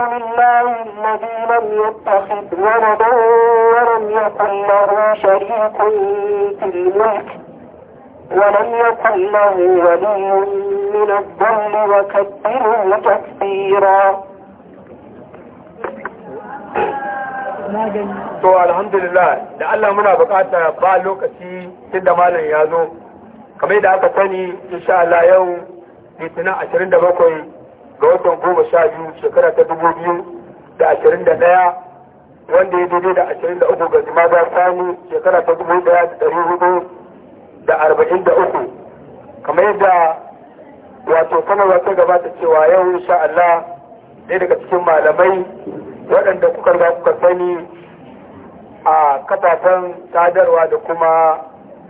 الله الذي لم يتخذ ولدا ولم يكن له شريك في الملك ولم يكن له ولي من الظل وكبره تكبيرا to alhamdulillah da Allah muna bukata ba lokaci tunda malam ya zo kamar da aka sani insha Allah yau litinin 27 ga watan goma sha biyu shekara ta dubu biyu da ashirin da ɗaya wanda ya daidai da ashirin da uku ga jimada sani shekara ta dubu ɗaya da ɗari hudu da arba'in da uku kamar yadda wato sanarwa ta gabata cewa yau insha Allah ɗaya daga cikin malamai waɗanda kuka ga kuka sani a kafafen sadarwa da kuma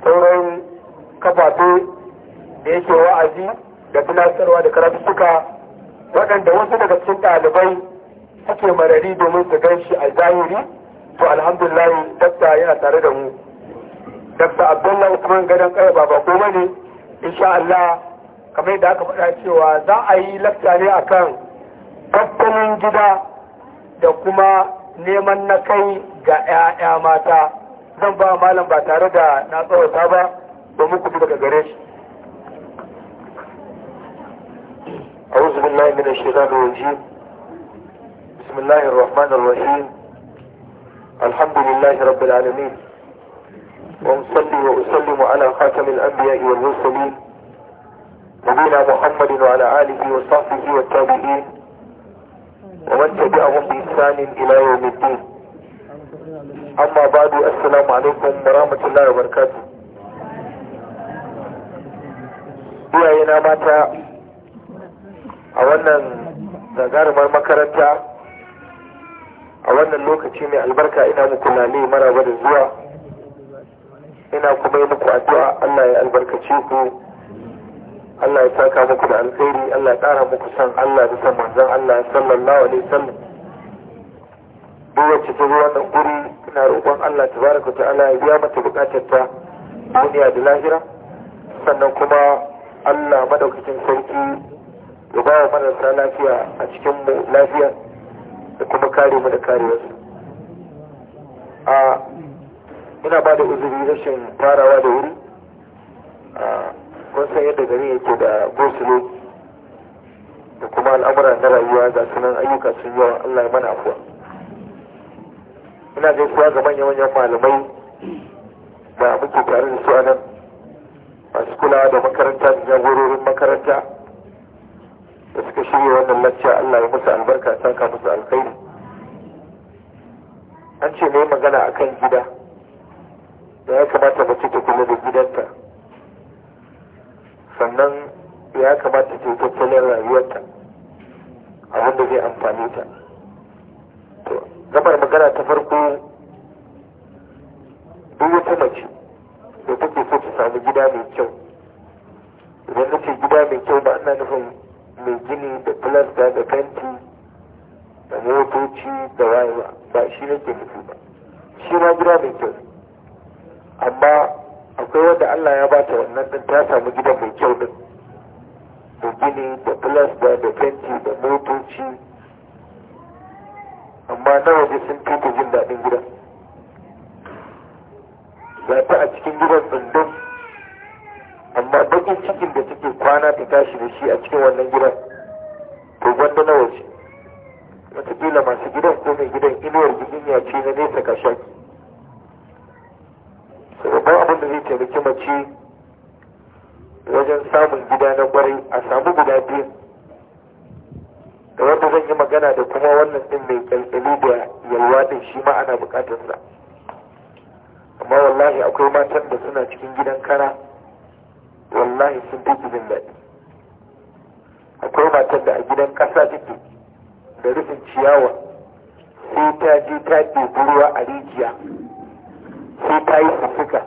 sauran kafafe da yake wa'azi da tunasarwa da karatu suka waɗanda wasu daga cikin ɗalibai suke marari domin su gan shi a zahiri to alhamdulillah dakta yana tare da mu dakta abdullahi usman gadon kaya ba ba kuma ne insha Allah kamar yadda aka faɗa cewa za a yi lakta ne akan tattalin gida da kuma neman na kai ga 'ya'ya mata zan ba malam ba tare da na tsawata ba domin ku daga gare shi أعوذ بالله من الشيطان الرجيم بسم الله الرحمن الرحيم الحمد لله رب العالمين ونصلي وأسلم على خاتم الأنبياء والمرسلين نبينا محمد وعلى آله وصحبه والتابعين ومن تبعهم بإحسان إلى يوم الدين أما بعد السلام عليكم ورحمة الله وبركاته إلى na a wannan gagarumar makaranta a wannan lokaci mai albarka ina muku lale maraba da zuwa ina kuma yi muku addu'a Allah ya albarkace ku Allah ya saka muku da alkhairi Allah ya ƙara muku san Allah da san manzon Allah sallallahu alaihi wasallam duk wacce ta zo wannan guri ina roƙon Allah tabaraka ta'ala ya biya mata buƙatar ta duniya da lahira sannan kuma Allah madaukakin sarki ya ba wa marasa lafiya a cikin mu lafiya da kuma kare mu da karewarsu a ina ba da uzuri rashin farawa da wuri a kun san yadda gari yake da gosulo da kuma al'amura na rayuwa ga sunan ayyuka sun yawa allah ya mana afuwa ina gaisuwa ga manya-manyan malamai da muke tare da su a nan masu kulawa da makaranta da jagororin makaranta da suka shirya wannan lacca Allah ya musu albarka ta ka musu alkhairi an ce ne magana akan gida da ya kamata mace ta kula da gidanta sannan ya kamata ta tattalin rayuwarta a da zai amfani ta gabar magana ta farko shi nake nufi ba shi ma gida mai kyau amma akwai wanda Allah ya bata wannan din ta samu gida mai kyau din da gini da plus da fenti da motoci amma na waje sun ta jin daɗin gidan ga ta a cikin gidan tsundum amma bakin cikin da suke kwana ta tashi da shi a cikin wannan gidan hanya ce na nesa ka shaki babban abin da zai taimaki mace wajen samun gida na kwarai a samu guda biyu da wanda zan yi magana da kuma wannan din mai kyalkyali da yalwa din shi ma ana bukatarsa amma wallahi akwai matan da suna cikin gidan kara wallahi sun fi jin daɗi akwai matan da a gidan ƙasa take da rufin ciyawa sai ta je ta ɗebi ruwa a rijiya sai ta yi sussuka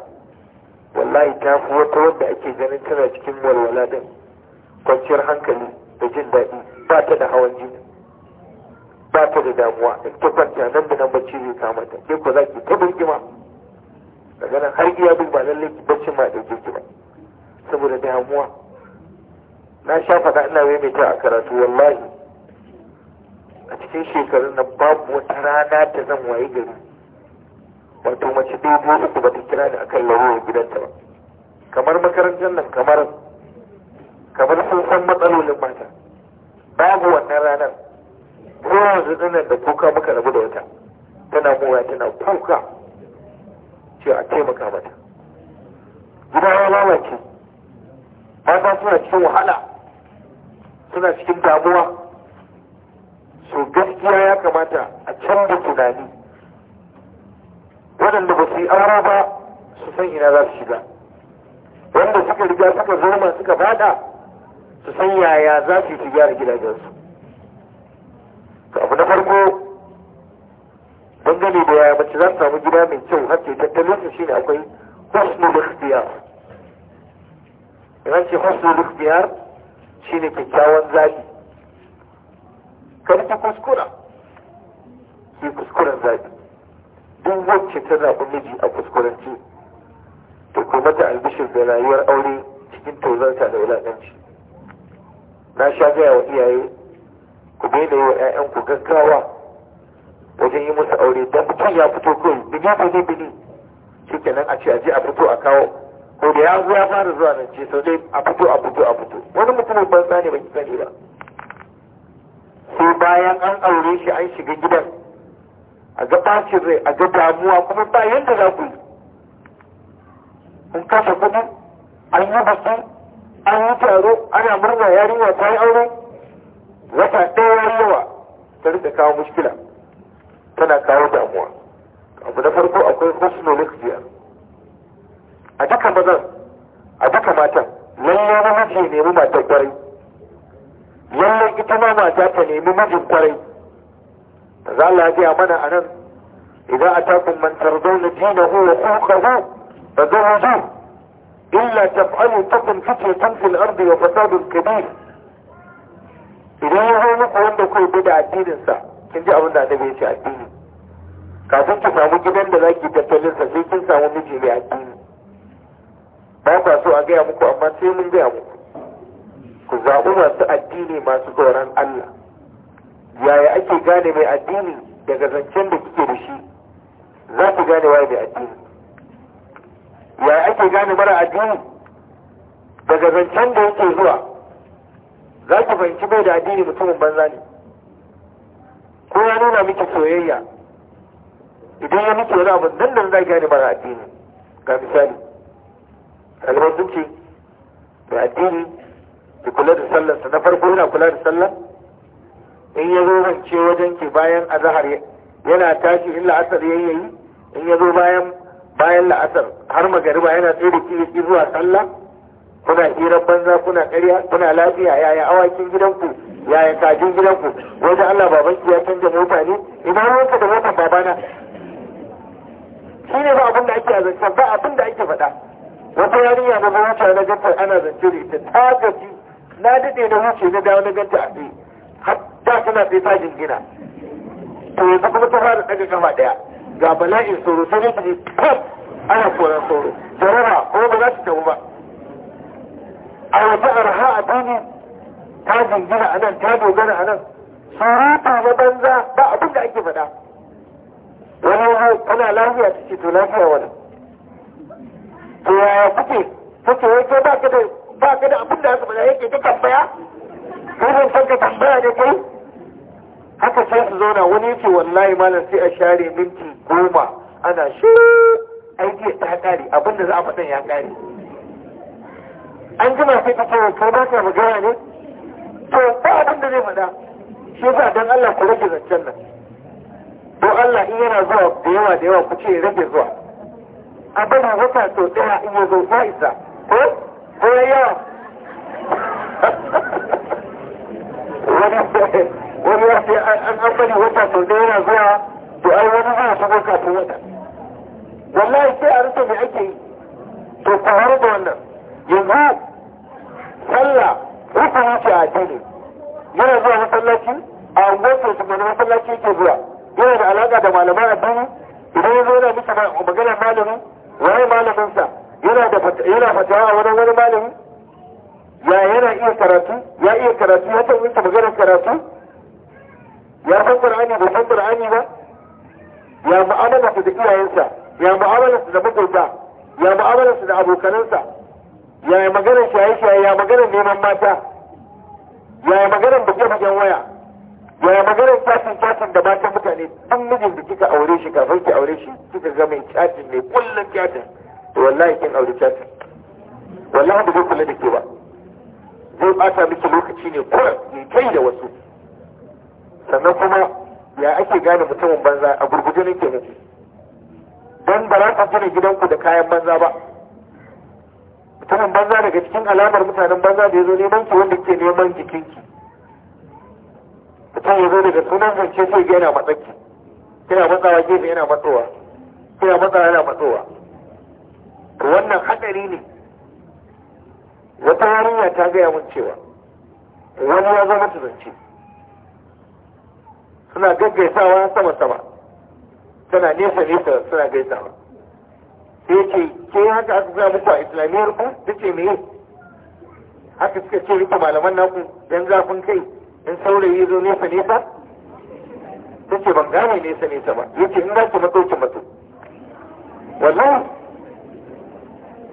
wallahi ta fi wata wadda ake ganin tana cikin walwala din kwanciyar hankali da jin daɗi ba ta da hawan jini ba ta da damuwa in ta kwanta nan da nan bacci zai kama ta ke ko za ki ta birgima daga nan har iya duk ba lallai ki bacci ma ɗauke ki ba saboda damuwa na sha faɗa ina ta a karatu wallahi a cikin shekarun nan babu wata rana da zan waye gari wato mace dogo uku ba ta kira ni akan larurar gidanta ba kamar makarantar nan kamar kamar sun san matsalolin mata babu wannan ranar ko yanzu dinar da kuka muka rabu da wata tana mura tana kuka ce a taimaka mata gida ya lalace mata suna cikin wahala suna cikin damuwa so gaskiya ya kamata a canza tunani waɗanda ba su yi aure ba su san ina za su shiga wanda suka riga suka zoma suka fada su san yaya za su yi gyara gidajensu abu na farko dangane da yaya mace za su samu gida mai kyau har ke tattalin su shine akwai husnul ikhtiyar yana ce husnul ikhtiyar shine kyakkyawan zafi. kar ku kuskura sai kuskuren zaɓi duk wacce ta zaɓi miji a kuskurenci to ko mata albishir da rayuwar aure cikin tozarta da wulaƙanci na sha gaya wa iyaye ku daina yi wa 'ya'yanku gaggawa wajen yi musu aure don mutum ya fito kai bini bini bini shi kenan a ce a je a fito a kawo ko da ya zo ya fara zuwa nan ce sau dai a fito a fito a fito wani mutumin banza ne ba ki sani ba sai bayan an aure shi an shiga gidan a ga bacin rai a ga damuwa kuma ba yadda za ku yi an kasa kudi an yi basu an yi taro ana murna yarinya ta yi aure wata ɗaya yawa ta rika kawo mushkila tana kawo damuwa abu na farko akwai husnul ikhtiyar a duka mazan a duka matan lalle namiji ne mu matar kwarai lallai ita ma mata ta nemi mijin kwarai za Allah ya mana a nan idan a takun man dina hu wa kukahu fa zawju illa taf'alu takun fitnatun fil ardi wa fasadun kabir idan ya zo muku wanda ku bi da addinin sa kin ji abin da na bai ce addini kafin ki samu gidan da zaki tattalin sa sai kin samu miji mai addini ba kwa so a gaya muku amma sai mun gaya muku ku zaɓi masu addini masu tsoron Allah yaya ake gane mai addini daga zancen da kike da shi za ku gane waye mai addini yaya ake gane mara addini daga zancen da yake zuwa za ku fahimci bai da addini mutumin banza ne ko ya nuna miki soyayya idan ya miki wani abu nan da za ki gane mara addini ga misali kalmar sun mai addini ki kula da sallarsa na farko yana kula da sallar in ya zo ce wajen ki bayan azahar yana tashi in la'asar ya yi in ya zo bayan bayan la'asar har magariba yana tsaye da ki zuwa sallah kuna hirar banza kuna ƙarya kuna lafiya yaya awakin gidanku yaya kajin gidanku wajen Allah babanki ya canja mota ne ina ruwanka da motan babana shi ne ba abin da ake zancen ba abin da ake faɗa wata yarinya da mota na gantar ana zance da ita ta gaji na daɗe na wuce na dawo na ganta a tsaye ta tana sai ta jingina to yanzu kuma ta fara daga gaba ɗaya ga bala'in tsoro ta ne ne ana koran tsoro jarara ko ba za ta tabu ba a wata arha a dini ta jingina a nan ta dogara a nan surutu na banza ba abin da ake faɗa wani hau tana lafiya ta ce to lafiya wani to yaya kuke kuke wai ke ba ka da ba ka da abin da haka bada yake ta tambaya ko ban san ka tambaya ne kai haka sai su zauna wani yake wallahi malam sai a share minti goma ana shi aiki ta kare abin da za a faɗin ya kare an jima sai ka ce kai ba ka magana ne to ba abin da zai faɗa shi ba dan Allah ku rage zancen nan don Allah in yana zuwa da yawa da yawa ku ce rage zuwa abin wata sau ɗaya in ya zo ko ko yawa wani ya ce an an wata sau da yana zuwa to ai wani zai shigo kafin wata wallahi sai a rasa mai ake yi to kwaro da wannan yanzu sallah rukuni ce a addini yana zuwa masallaci a unguwarsa su mana masallaci yake zuwa yana da alaƙa da malaman addini idan ya zo yana bisa magana malami waye sa. yana da yana fatawa wani wani malami ya yana iya karatu ya iya karatu ya tabbata sa maganar karatu ya san qur'ani da san qur'ani ba ya mu'amala da iyayensa ya mu'amala da makwabta ya mu'amala da abokanansa ya maganar shaye-shaye ya maganar neman mata ya maganar buke-buken waya ya maganar chatin chatin da matan mutane duk mijin da kika aure shi kafin ki aure shi kika ga mai chatin ne kullum chatin wallahi kin aure ta wallahi ba zai kula da ke ba zai bata miki lokaci ne kuran ya kai da wasu sannan kuma ya ake gane mutumin banza a gurguje ne mutu. don ba za ku gina gidanku da kayan banza ba mutumin banza daga cikin alamar mutanen banza da ya zo neman ki wanda ke neman jikinki mutum ya zo daga sunan zance sai ga yana matsaki kina matsawa gefe yana matsowa kina matsawa yana matsowa to wannan hadari ne wata yarinya ta gaya mun cewa wani ya zama ta zance suna gaggaisawa sama sama tana nesa nesa suna gaisawa sai ce ke haka aka gaya muku a islamiyyar ku ta ce me haka suka ce rike malaman naku don zafin kai in saurayi zo nesa nesa ta ce ban gane nesa nesa ba Ya ce in za ki mato ki wallahi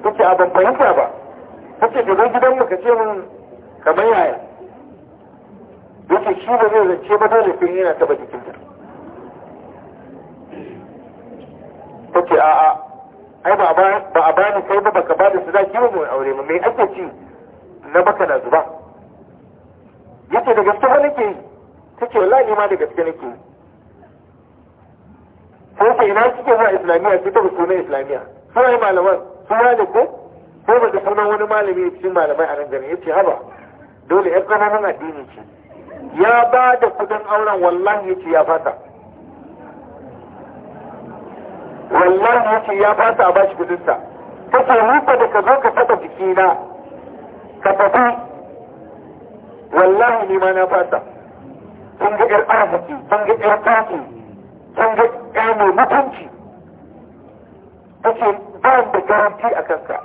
ta ce a ban fahimta ba ta ce ka gidan mu ka ce min kamar yaya ya ce shi ba zai zance ba dole sai yana taɓa jikinta ta ce a'a ai ba a bani kai ba baka ba da su zaki ba mai aure mu mai ake ci na baka na zuba yace da gaske ba nake yi tace wallahi ma da gaske nake yi sai sai ina kike zuwa islamiyya ki ta sunan islamiyya sai malaman kowa da ko ko ba da sunan wani malami ya cikin malamai a nan gari ya ce haba dole ya ƙananan addini ce ya ba da kudin auren wallahi ya ce ya fata wallahi ya ce ya fata a ba shi sa. ta ce nufa da ka zo ka taɓa jikina ka tafi wallahi ni ma na fata kin ga ƴar arziki kin ga ƴar tafi kin ga ƴar mai mutunci kace ba da garanti a kanka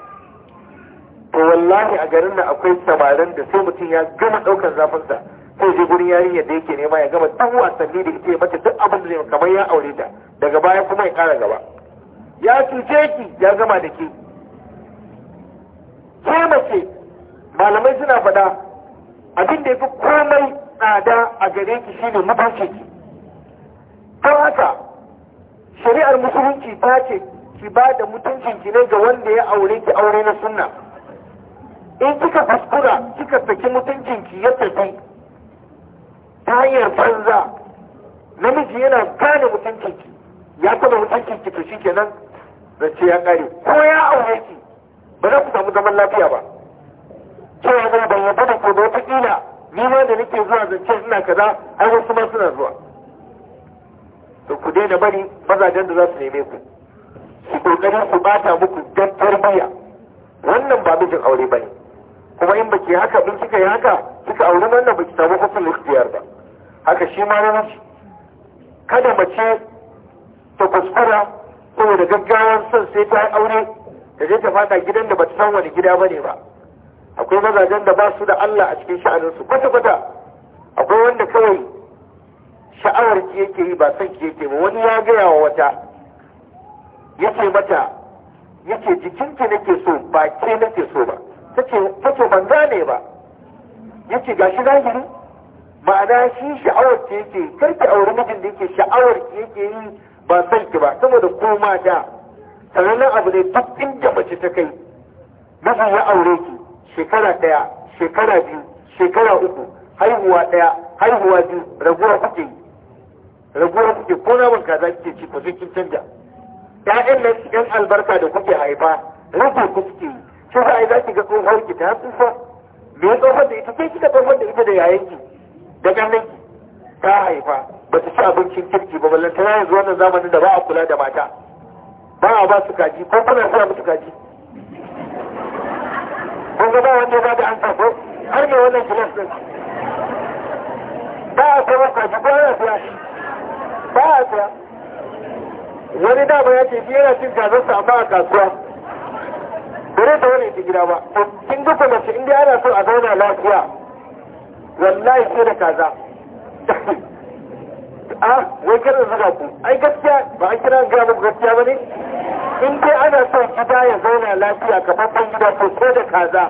to wallahi a garin nan akwai samarin da sai mutum ya gama ɗaukar zafinsa sai je gurin yarinya da yake nema ya gama duk wasanni da ita ya mace duk abin da kamar ya aure ta daga baya kuma ya kara gaba ya cuce ki ya gama da ke ke mace malamai suna faɗa abin da ya fi komai tsada a gare ki shine mutunci ki don haka shari'ar musulunci ta ce ki ba da mutuncin ki ne ga wanda ya aure ki aure na sunna in kika kuskura kika saki mutuncin ki ya tafi ta hanyar banza namiji yana gane mutuncin ki ya taba mutuncin ki to shikenan zance ya kare ko ya aure ki ba za ku samu zaman lafiya ba cewa zai ban yadda da ku da wata ni ma da nake zuwa zance suna kaza ai wasu ma suna zuwa to ku daina bari mazajen da za su neme ku Ki kokarin ku bata muku gantar baya. wannan ba mijin aure bane kuma in baki haka in kika yi haka kika aure wannan baki samu hukun ikhtiyar ba haka shi ma na mace kada mace ta kuskura saboda gaggawar son sai ta yi aure da je ta fada gidan da bata san wani gida bane ba akwai mazajen da ba su da Allah a cikin sha'aninsu kwata-kwata akwai wanda kawai sha'awar ki yake yi ba son ki yake ba wani ya gaya wa wata yace mata yake jikinki nake so ba ke nake so ba take ban gane ba yake gashi zahiri ma'ana shi sha'awar ta yake kar ki auri mijin da yake sha'awar ta yake yi ba san ki ba saboda ko da sanannen abu ne duk inda mace ta kai mafi ya aure ki shekara ɗaya shekara biyu shekara uku haihuwa ɗaya haihuwa biyu raguwa kuke raguwa kuke ko naman kaza kike ci ko sai kin canja ya'yan nan yan albarka da kuke haifa rufe ku suke shi za a yi za ki ga tsohon ki ta tsufa me tsohon da ita sai kika tsohon da ita da yayan ki da gannan ki ta haifa ba ta ci abincin kirki ba ballan ta yanzu wannan zamanin da ba a kula da mata ba a ba su kaji ko kuna sa musu kaji kun ga ba wanda ba da an sako har ne wannan filas din ba a sa kaji ba a sa ba a sa wani dama ya ce yana cin gazarsa amma a kasuwa bare ta wani ta gida ba kin duka mace inda ana so a zauna lafiya wallahi sai da kaza a ah, wai kada zuga ku ai gaskiya ba a kira ga mu gaskiya bane in dai ana so gida ya zauna lafiya ka babban gida to ko da kaza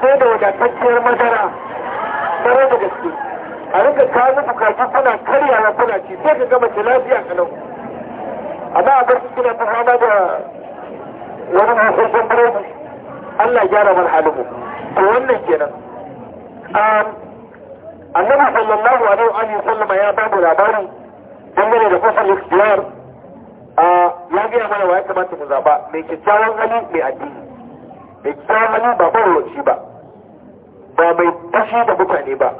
ko da wadatacciyar madara tare da gaske a rika kawo bukatu kuna karyawa kuna ci sai ka gama ki lafiya kalau amma a bar cikin ta da wani hasashen biredi Allah gyara mana halimu to wannan kenan annabi sallallahu alaihi wa alihi sallama ya babu labari dangane da kusan ikhtiyar ya gaya mana wa ya kamata mu zaba mai kyakkyawan hali mai addini mai kyakkyawan hali ba mawarwaci ba ba mai tashi da mutane ba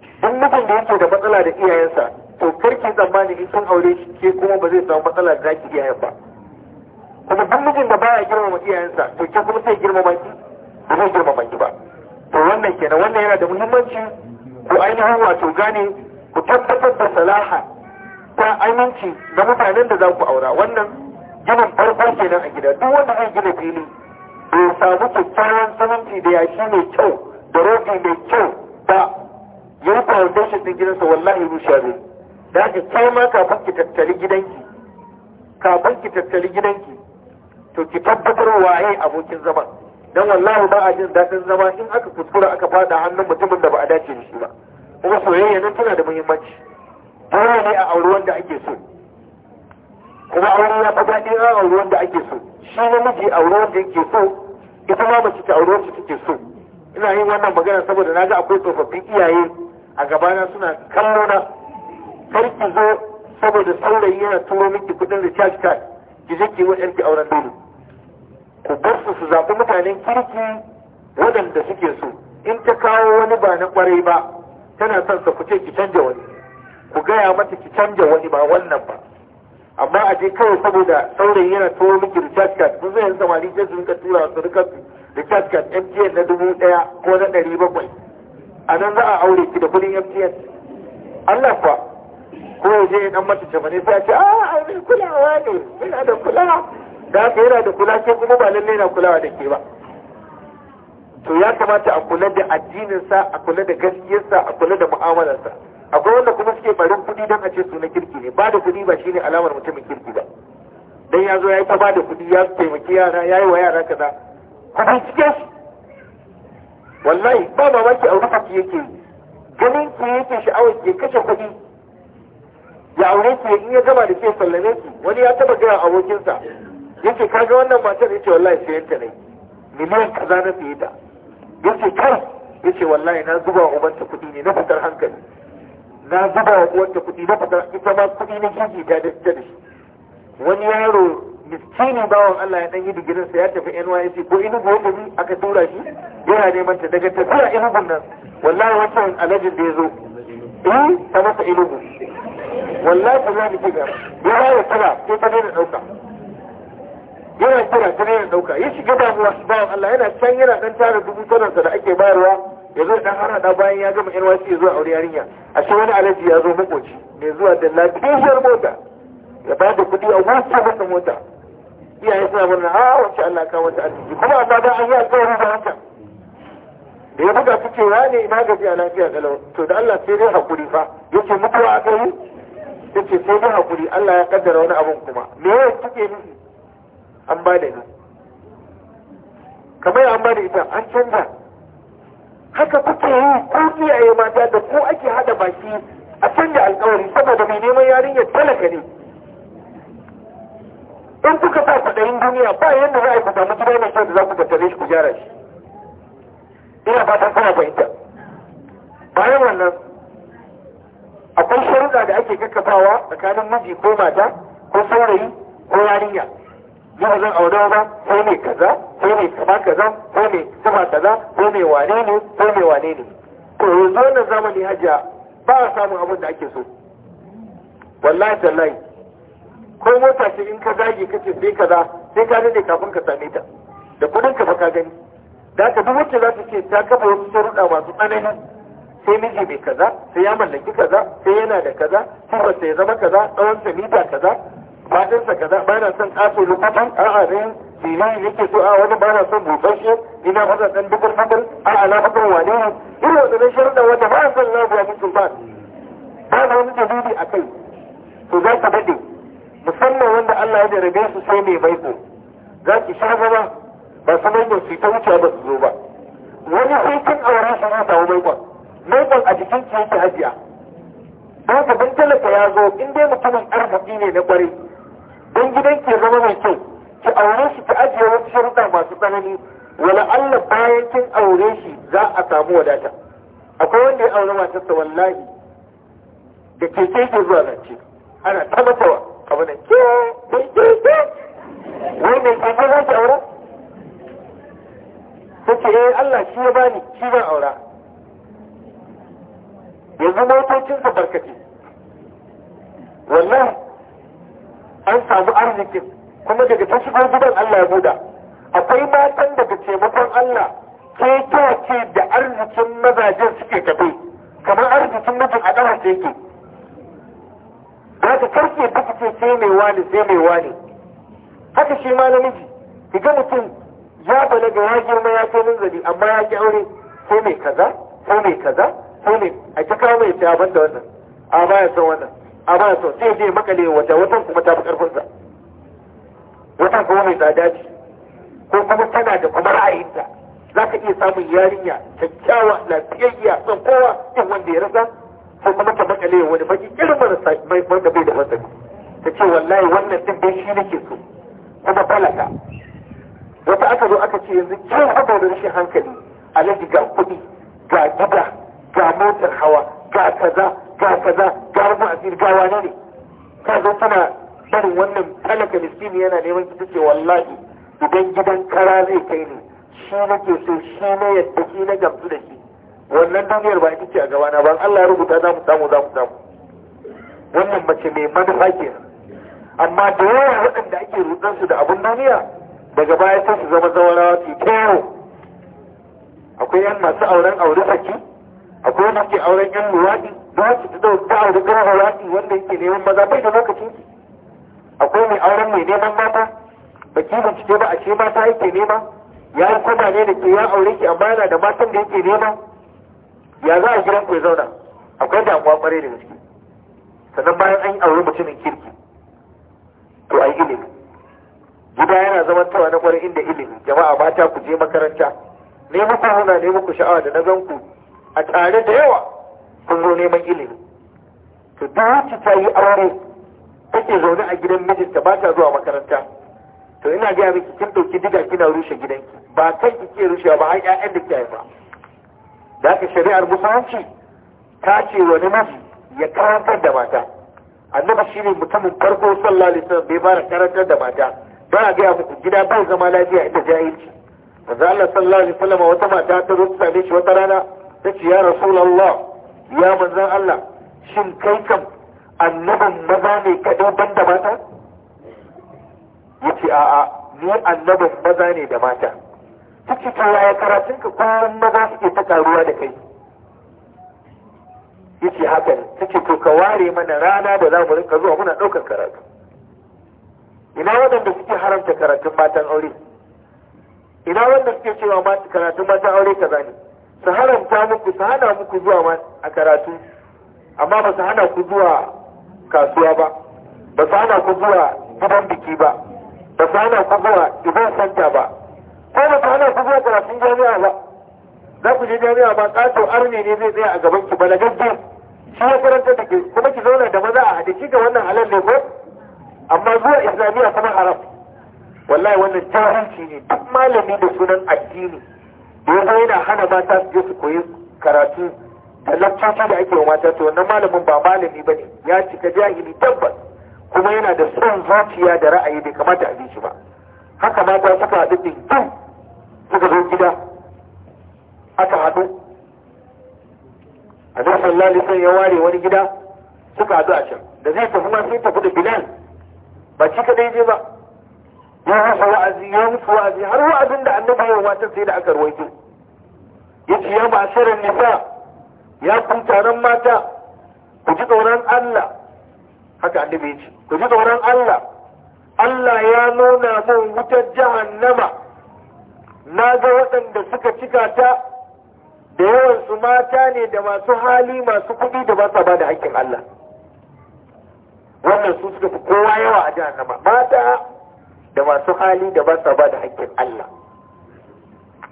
duk mutum da yake da matsala da iyayensa to farki tsammani in sun aure shi ke kuma ba zai samu matsala da zaki iya ba kuma duk mijin da baya girmama iyayensa to ke kuma sai girmama ki ba zai girmama ki ba to wannan kenan wannan yana da muhimmanci ku ainihin wato gane ku tabbatar da salaha ta aminci da mutanen da za ku aura wannan ginin farko kenan a gida duk wanda zai gina fili bai samu kyakkyawan sananci da yashi mai kyau da rofi mai kyau ba yau yi foundation din gidansa wallahi rushe zai da haka kai ma kafin ki tattali gidanki kafin ki tattali gidanki to ki tabbatar waye abokin zama, dan wallahi ba a jin daɗin zama in aka kuskura aka fada hannun mutumin da ba a dace da shi ba kuma soyayya nan tana da muhimmanci dole ne a auri wanda ake so kuma aure ya fi ɗin a auri wanda ake so shi namiji auri wanda yake so ita ma mace ta auri wanda take so ina yin wannan magana saboda na ga akwai tsofaffin iyaye a gabana suna kallona kar ki zo saboda saurayi yana turo miki kudin recharge card ki je ki wajen ki auren dole ku bar su su zaɓi mutanen kirki waɗanda suke so in ta kawo wani ba na ƙwarai ba tana son sa ku ce ki canja wani ku gaya mata ki canja wani ba wannan ba amma a je kawai saboda saurayi yana turo miki recharge card kun zai samari sai su rika tura su rika recharge card MTN na dubu ɗaya ko na ɗari bakwai a nan za a aure ki da kuɗin MTN Allah kuwa ko ya je dan mata jamani sai ce a ah, ai kulawa ne ina da kulawa da haka yana da kula sai kuma ba lalle na kulawa da ke ba to ya kamata a kula da addininsa a kula da gaskiyarsa a kula da mu'amalarsa akwai wanda kuma suke barin kuɗi don a ce su na kirki ne ba da kuɗi ba shine alamar mutumin kirki ba dan ya zo ya yi ta ba da kuɗi ya taimaki yara ya yi wa yara kaza kuɗi cikin wallahi ba mamaki a rufa yake ganin ki yake sha'awar ke kashe kuɗi ya aure ki in ya gama da ke sallame ki wani ya taba gaya abokinsa yake kaga wannan matar yace wallahi sai ta ne miliyan kaza na sai ta yace kar yace wallahi na zuba wa ubanta kudi ne na fitar hankali na zuba wa uwanta kudi na fitar ita ma kudi na gigi ta da ta shi wani yaro miskini bawan Allah ya dan yi digirin sa ya tafi NYC ko inugu ya tafi aka tura shi yana neman ta daga tafiya inu nan wallahi wancan alajin da yazo zo eh ta masa inugu wallahi ba za mu buga ya ya kira sai ta daina dauka yana kira ta daina dauka ya shiga damuwa shi bawan Allah yana can yana dan tara dubu tara da ake bayarwa ya zo dan har hada bayan ya gama NYC ya zo aure yarinya a shi wani alaji ya zo makoci mai zuwa da lafiyar mota ya ba da kuɗi a wuce masa mota iyaye suna murna a ah, wacce Allah ka wata arziki kuma amma da an yi alƙawari da haka da ya buga suke cewa ne ina gaji a lafiya galau to da Allah sai dai hakuri fa yake mutuwa a kai ta ce sai bi hakuri Allah ya kaddara wani abun kuma me yake kike nufi an ba da ni kamar an ba da ita an canza haka kuke yi ko kiyaye mata da ko ake hada baki a canja alkawari saboda mai neman yarinyar talaka ne in kuka sa kudayin duniya ba yadda za a yi ku samu gida mai kyau da za ku tattare shi ku gyara shi ina fatan kuna fahimta bayan wannan akwai sharuɗa da ake kakkafawa tsakanin miji ko mata ko saurayi ko yarinya yau zan aure ba sai mai kaza sai mai kama kaza ko mai sama kaza ko mai wane ne ko mai wane ne to yanzu wannan zamani hajiya ba a samun abin da ake so wallahi tallahi ko mota ce in ka zagi ka ce sai kaza sai ka dade kafin ka same ta da kudin ka fa ka gani da ka duk wacce za ta ce ta kafa wasu sharuɗa masu tsanani sai miji mai kaza sai ya mallaki kaza sai yana da kaza tabbata sai zama kaza tsawonsa mita kaza fatinsa kaza ba na son ƙafe lokacin a'a ne filin yake so a wani ba na son butsashe ina wata ɗan dukkan hakan a'a na hakan wane ne irin wadannan sharuɗa wata ba na son lafiya mutum ba ba na wani dalili a kai to za ka daɗe musamman wanda Allah ya jarabe su sai mai baiko za ki sha gaba ba su da su ta wuce ba su zo ba wani sai kin aure shi ne ta baikon laifin a jikin ki yake hajiya don ka don talaka ya zo in dai mutumin arziki ne na kwarai don gidan ki zama mai kyau ki aure shi ki ajiye wasu sharuɗa masu tsanani wala Allah bayan kin aure shi za a samu wadata akwai wanda ya aure matarsa wallahi da keke ke zuwa zance ana tabbatawa abu da ke ke keke wai mai ke za ki aura sai ce eh Allah shi ya bani shi zan aura yanzu motocinsa barkati wannan an samu arzikin kuma daga ta shigo Allah ya buda akwai matan daga taimakon Allah ke ce da arzikin mazajen suke tafi kamar arzikin mijin a ɗawa ce yake ta karfe ta ce sai mai wani sai mai wani haka shi ma namiji ga mutum ya balaga ya girma ya kai zabi amma ya ki aure sai mai kaza sai mai kaza komai a ta kawo mai ta banda wannan a baya son wannan a baya son sai zai makale wata watan kuma ta fi karfin sa watan kuma mai tsada ce ko kuma tana da kuma ra'ayinta za ka iya samun yarinya kyakkyawa lafiyayya son kowa in wanda ya rasa ko kuma ta makale wani baki irin sa mai wanda bai da wata ta ce wallahi wannan din bai shi nake so kuma falaka wata aka zo aka ce yanzu kin haka da rashin hankali alaji ga kuɗi ga gida ga motar hawa ga kaza ga kaza ga rabu asir ga wani ne ka zo tana barin wannan talaka miskini yana neman ki tace wallahi idan gidan kara zai kai ni shi nake so shi na yadda shi na gamsu da shi wannan duniyar ba ita ce a gabana ba Allah ya rubuta za mu samu za mu samu wannan mace mai manufa ke. amma da yawa waɗanda ake rudan su da abun duniya daga baya sai su zama zawarawa su ta yawo akwai yan masu auren aure ciki akwai wanda ke auren yan luwaɗi za su ta ta auri ɗan luwaɗi wanda yake neman maza bai da lokacin ki akwai mai auren mai neman mata ba ki bincike ba a ce mata yake nema ya yi kwaba ne da ke ya aure ki amma yana da matan da yake nema ya za a gidan ku ya zauna akwai damuwa kwarai da gaske sannan bayan an yi aure mutumin kirki to a yi ilimi gida yana zaman tawa na kwarai inda ilimi jama'a mata ku je makaranta ne muku huna ne muku sha'awa da na gan ku a tare da yawa sun zo neman ilimi to duk wacce ta yi aure take zaune a gidan mijinta ba ta zuwa makaranta to ina gaya miki kin ɗauki diga kina rushe gidanki ba kai kike rushewa ba har ƴaƴan da kike haifa da haka shari'ar musulunci ta ce wani miji ya karantar da mata annabi shine mutumin farko sallallahu alaihi wasallam bai fara karantar da mata ba a gaya muku gida bai zama lafiya ita jahilci manzo Allah sallallahu alaihi wasallam wata mata ta zo ta same shi wata rana ta ce ya rasulallah ya manzan Allah shin kai kam annabin maza ne kaɗai ban da mata ya ce a'a ni annabin maza ne da mata ta ce to yaya karatun ka kullum maza suke ta karuwa da kai ya ce haka ne ta ce to ka ware mana rana da za mu rinka zuwa muna ɗaukar karatu ina waɗanda suke haramta karatun matan aure ina wanda suke cewa karatun matan aure kaza ne su haramta muku su hana muku zuwa a karatu amma ba su hana ku zuwa kasuwa ba ba su hana ku zuwa gidan biki ba ba su hana ku zuwa event center ba ko ba su hana ku zuwa karatun jami'a ba za ku je jami'a ba kato arne ne zai tsaya a gaban ki ba balagagge shi ya karanta da ke kuma ki zauna da maza a haɗe ki ga wannan halal ne ko amma zuwa islamiyya kuma haram wallahi wannan jahilci ne duk malami da sunan addini dogo yana hana mata su je su koyi karatu da lakcoci da ake wa mata to wannan malamin ba malami bane ya cika jahili tabbas kuma yana da son zuciya da ra'ayi bai kamata a bi shi ba haka mata suka haɗu ɗin ɗin suka zo gida aka haɗu a zai sallah wasallam ya ware wani gida suka haɗu a can da zai tafi ma sai tafi da bilal ba shi kaɗai je ba ya musu wa'azi ya musu wa'azi har wa'azin da annabi ya wata sai da aka ruwaito yace ya ma'asharan nisa ya ku taron mata ku ji tsoron Allah haka annabi yace ku ji tsoron Allah Allah ya nuna mun wutar jahannama na ga waɗanda suka cika ta da yawan su mata ne da masu hali masu kuɗi da ba sa ba da hakkin Allah wannan su suka fi kowa yawa a jahannama mata da masu hali da ba sa ba da haƙƙin Allah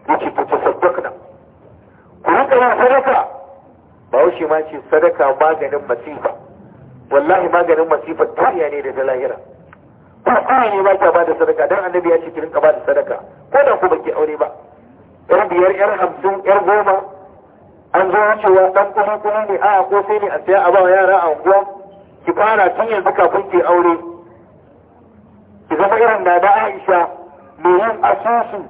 yace to tasaddaqna ku riƙa yin sadaka ba wuce ma ce sadaka maganin masifa wallahi maganin masifa duniya ne da ta lahira ba kuma ne ba ta ba da sadaka don annabi ya ce ki rinka ba da sadaka ko da ku baki aure ba yar biyar yar hamsin yar goma an zo wucewa dan kuma kuma ne a ko sai ne a siya a ba yara a unguwa ki fara tun yanzu kafin ki aure ki zama irin na da aisha mai yin asusu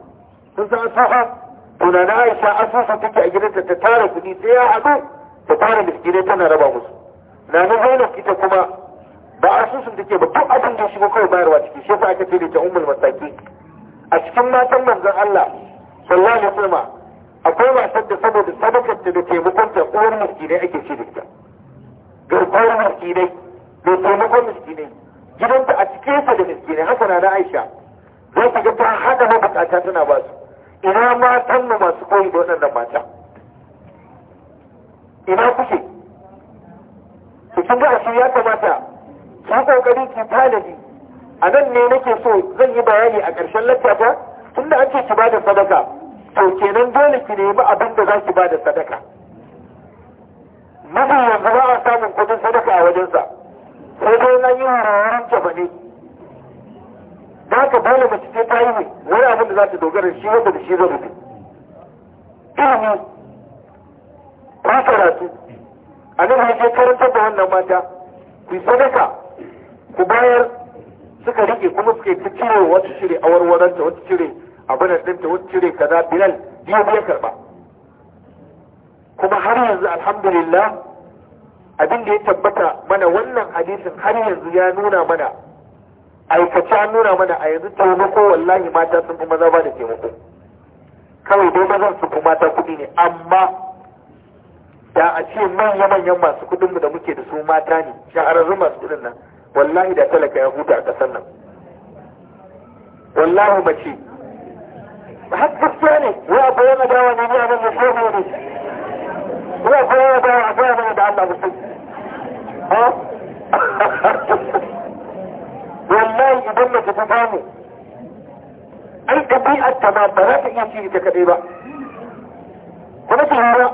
sun san asusu to na na aisha asusu take a gidanta ta tara kuɗi sai ya haɗu ta tara miskinai tana raba musu na na zainab ita kuma ba asusun ke ba duk abin da shigo kawai bayarwa ciki shi yasa aka ce ta ummul masaki a cikin matan manzon Allah sallallahu alaihi wasallam akwai matar da saboda sadakar da taimakon ta uwar miskinai ake ce da ita garkuwar miskinai mai taimakon miskinai gidanta a cikin sa da miskini haka na Aisha zai ki ga ta hada mabukata tana ba su ina matan mu masu koyi da waɗannan mata ina kuke to kin ga ya kamata ki kokari ki tanadi a nan ne nake so zan yi bayani a ƙarshen littafa tunda an ce ki da sadaka to kenan dole ki nemi abin da za ki da sadaka mafi yanzu ba a samun kudin sadaka a wajensa. sa sai dai na yi horon ta bane da haka dole mace ce ta yi ne wani abin da za ta dogara shi wanda da shi zan rufe ilimi ta karatu a nan hajjai karantar da wannan mata ku sadaka ku bayar suka rike kuma suka yi ta cire wata cire awarwaranta wata cire abin ɗinta wata cire kaza bilal biyu biya karba kuma har yanzu alhamdulillah abin da ya tabbata mana wannan hadisin har yanzu ya nuna mana aikace an nuna mana a yanzu taimako wallahi mata sun fi maza ba da taimako kawai dai mazan su fi mata kuɗi ne amma da a ce manya-manyan masu mu da muke da su mata ne shahararru masu kuɗin nan wallahi da talaka ya huta a ƙasar nan wallahi mace har gaskiya ne Ya bayyana dawa ne ne a nan da shehu ne Zai koya da a koya mana da Allah mutum. Wallahi idan mace ta samu, ai ɗabi'ar ta ma ba za ta iya ci ta kaɗai ba. Kuma ta lura